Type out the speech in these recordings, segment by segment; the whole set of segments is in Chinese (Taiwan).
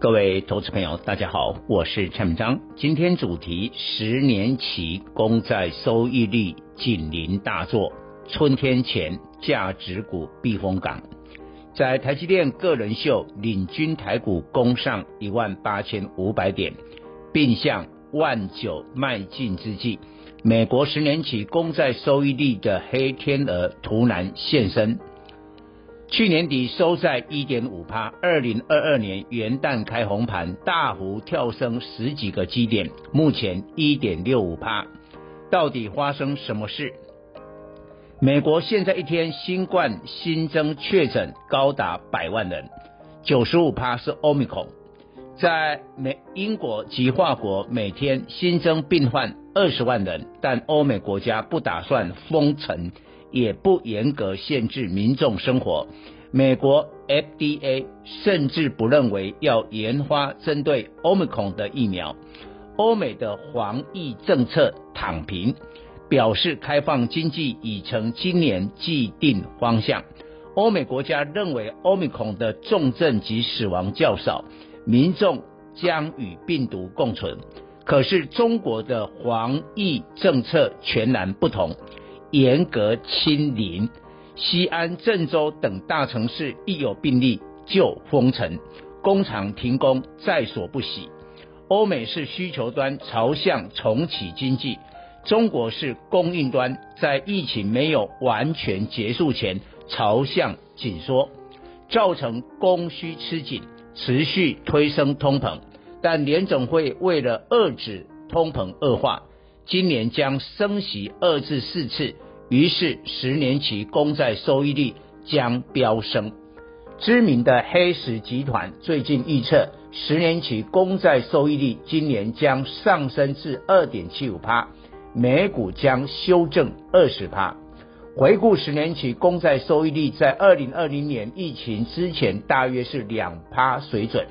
各位投資朋友，大家好，我是蔡明彰。今天主題，十年期公債收益率警鈴大作，春天前價值股避風港。在台積電個人秀領軍台股攻上一萬八千五百點，並向萬九邁進之際，美國十年期公債收益率的黑天鵝突然現身。去年底收在一點五趴，二零二二年元旦開紅盤，大幅跳升十幾個基點，目前一點六五趴。到底發生什麼事？美國現在一天新冠新增確診高達百萬人，九十五趴是奧密克戎。在美英國及法國每天新增病患二十萬人，但歐美國家不打算封城。也不嚴格限制民眾生活，美國 FDA 甚至不認為要研發針對 Omicron 的疫苗，歐美的防疫政策躺平，表示開放經濟已成今年既定方向。歐美國家認為 Omicron 的重症及死亡較少，民眾將與病毒共存。可是中國的防疫政策全然不同。嚴格清零，西安、鄭州等大城市一有病例就封城，工廠停工在所不惜。歐美是需求端朝向重啟經濟，中國是供應端在疫情沒有完全結束前朝向緊縮，造成供需吃緊，持續推升通膨，但聯準會為了遏止通膨惡化。今年將升息二至四次，於是十年期公債收益率將飆升。知名的黑石集團最近預測，十年期公債收益率今年將上升至二點七五帕，美股將修正二十帕。回顧十年期公債收益率，在二零二零年疫情之前大約是兩帕水準，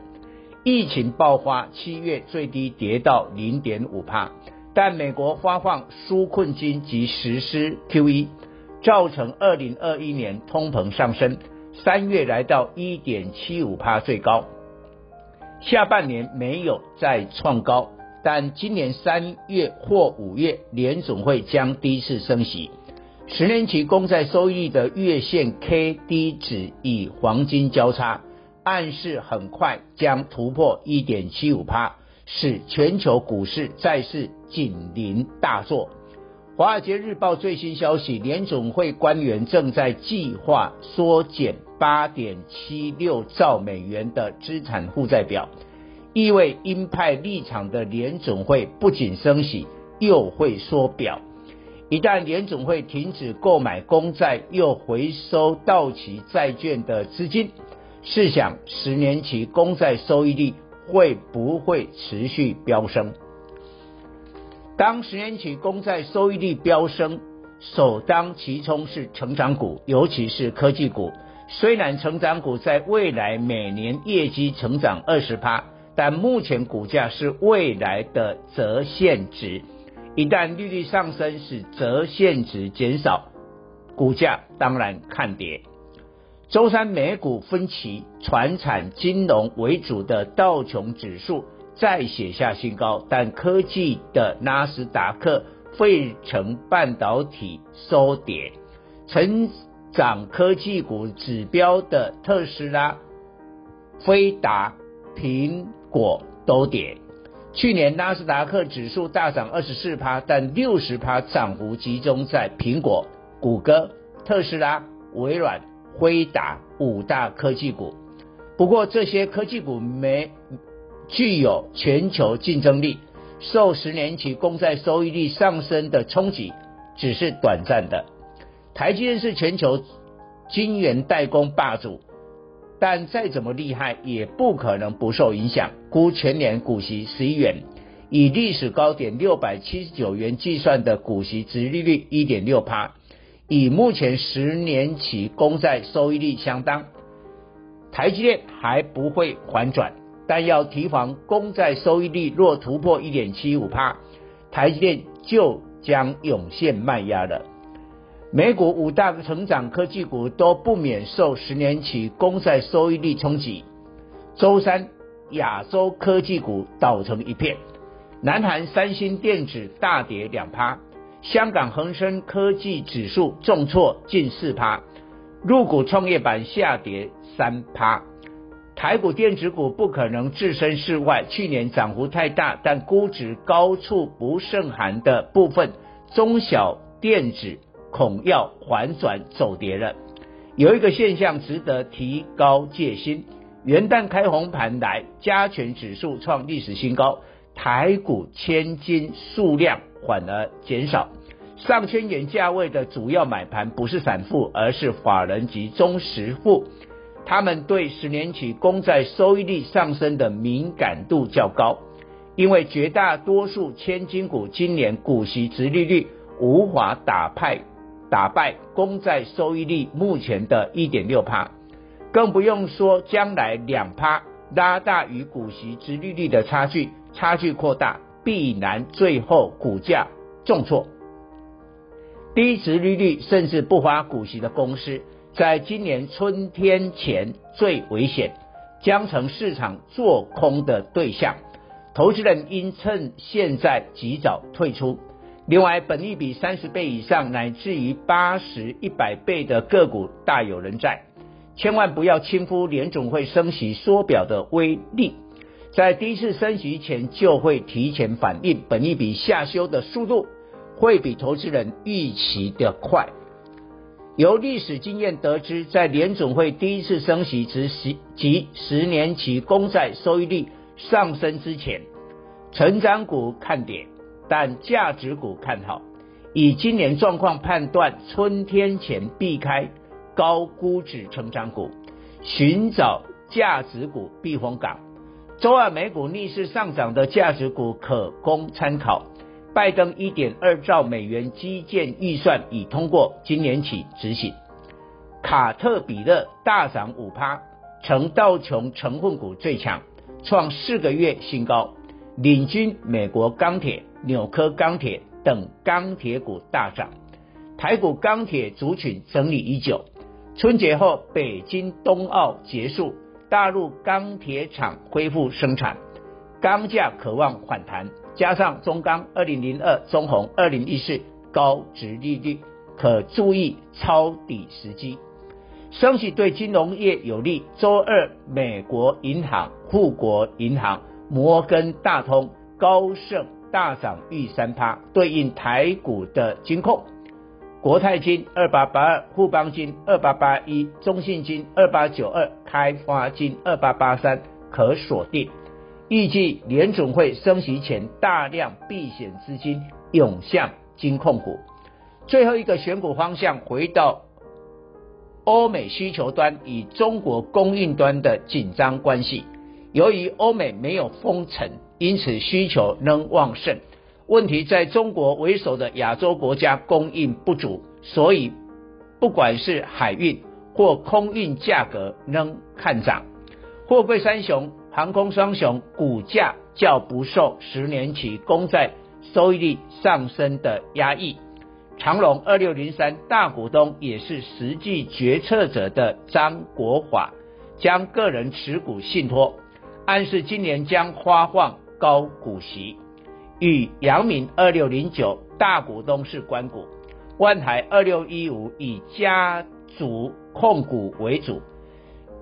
疫情爆發七月最低跌到零點五帕。但美國發放紓困金及實施 QE，造成二零二一年通膨上升，三月來到一點七五帕最高，下半年沒有再創高，但今年三月或五月聯準會將第一次升息，十年期公債收益率的月線 KD 值已黃金交叉，暗示很快將突破一點七五帕。使全球股市再次警鈴大作。華爾街日報最新消息，聯準會官員正在計劃縮減八點七六兆美元的資產負債表，意味鷹派立場的聯準會不僅升息，又會縮表。一旦聯準會停止購買公債，又回收到期債券的資金，試想十年期公債收益率。會不會持續飆升？當十年期公債收益率飆升，首當其衝是成長股，尤其是科技股。雖然成長股在未來每年業績成長二十趴，但目前股價是未來的折現值。一旦利率上升，使折現值減少，股價當然看跌。週三美股分歧，傳產金融為主的道瓊指數再寫下新高，但科技的納斯達克費城半導體收跌，成長科技股指標的特斯拉、飛達、蘋果都跌。去年納斯達克指數大漲二十四趴，但六十趴漲幅集中在蘋果、谷歌、特斯拉、微軟。揮打五大科技股，不過這些科技股沒具有全球競爭力，受十年期公債收益率上升的衝擊，只是短暫的。台積電是全球晶圓代工霸主，但再怎麼厲害也不可能不受影響。估全年股息十一元，以歷史高點六百七十九元計算的股息殖利率一點六趴以目前十年期公債收益率相當，台積電還不會反轉，但要提防公債收益率若突破一點七五趴，台積電就將湧現賣壓了。美股五大成長科技股都不免受十年期公債收益率衝擊，週三亞洲科技股倒成一片，南韓三星電子大跌兩趴。香港恆生科技指數重挫近四趴，A 股創業板下跌三趴，台股電子股不可能置身事外。去年漲幅太大，但估值高處不勝寒的部分中小電子恐要反轉走跌了。有一個現象值得提高戒心：元旦開紅盤來，加權指數創歷史新高，台股千金數量反而減少，上千元價位的主要買盤不是散戶，而是法人及中實戶，他們對十年期公債收益率上升的敏感度較高，因為絕大多數千金股今年股息殖利率無法打敗打敗公債收益率目前的一點六趴，更不用說將來兩趴拉大與股息殖利率的差距，差距擴大。必然最後股價重挫，低殖利率甚至不花股息的公司，在今年春天前最危險，將成市場做空的對象。投資人應趁現在及早退出。另外，本益比三十倍以上，乃至於八十一百倍的個股大有人在，千萬不要輕忽聯總會升息縮表的威力。在第一次升息前就會提前反應，本益比下修的速度會比投資人預期的快。由歷史經驗得知，在聯準會第一次升息之時及十年期公債收益率上升之前，成長股看跌，但價值股看好。以今年狀況判斷，春天前避開高估值成長股，尋找價值股避風港。週二美股逆勢上漲的價值股可供參考。拜登一點二兆美元基建預算已通過，今年起執行。卡特彼勒大漲五趴，成道瓊成分股最強，創四個月新高，領軍美國鋼鐵紐柯鋼鐵等鋼鐵股大漲。台股鋼鐵族群整理已久，春節後北京冬奧結束。大陸鋼鐵廠恢復生產，鋼價可望反彈，加上中鋼二零零二、中鴻二零一四高殖利率，可注意抄底時機。升息對金融業有利，周二美國銀行、富國銀行、摩根大通、高盛大漲逾三趴，對應台股的金控。國泰金二八八二，富邦金二八八一，中信金二八九二，開發金二八八三可鎖定。預計聯準會升息前，大量避險資金湧向金控股。最後一個選股方向回到歐美需求端與中國供應端的緊張關係。由於歐美沒有封城，因此需求仍旺盛。問題在中國為首的亞洲國家供應不足，所以不管是海運或空運價格仍看漲。貨櫃三雄、航空雙雄股價較不受十年期公債收益率上升的壓抑。長榮二六零三大股東也是實際決策者的張國華將個人持股信託，暗示今年將發放高股息。與陽明二六零九大股東是官股，萬海二六一五以家族控股為主，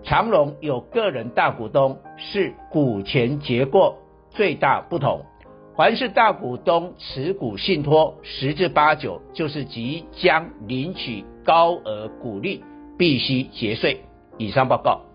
長榮有個人大股東，是股權結構最大不同。凡是大股東持股信托，十之八九就是即將領取高額股利，必須節稅。以上報告。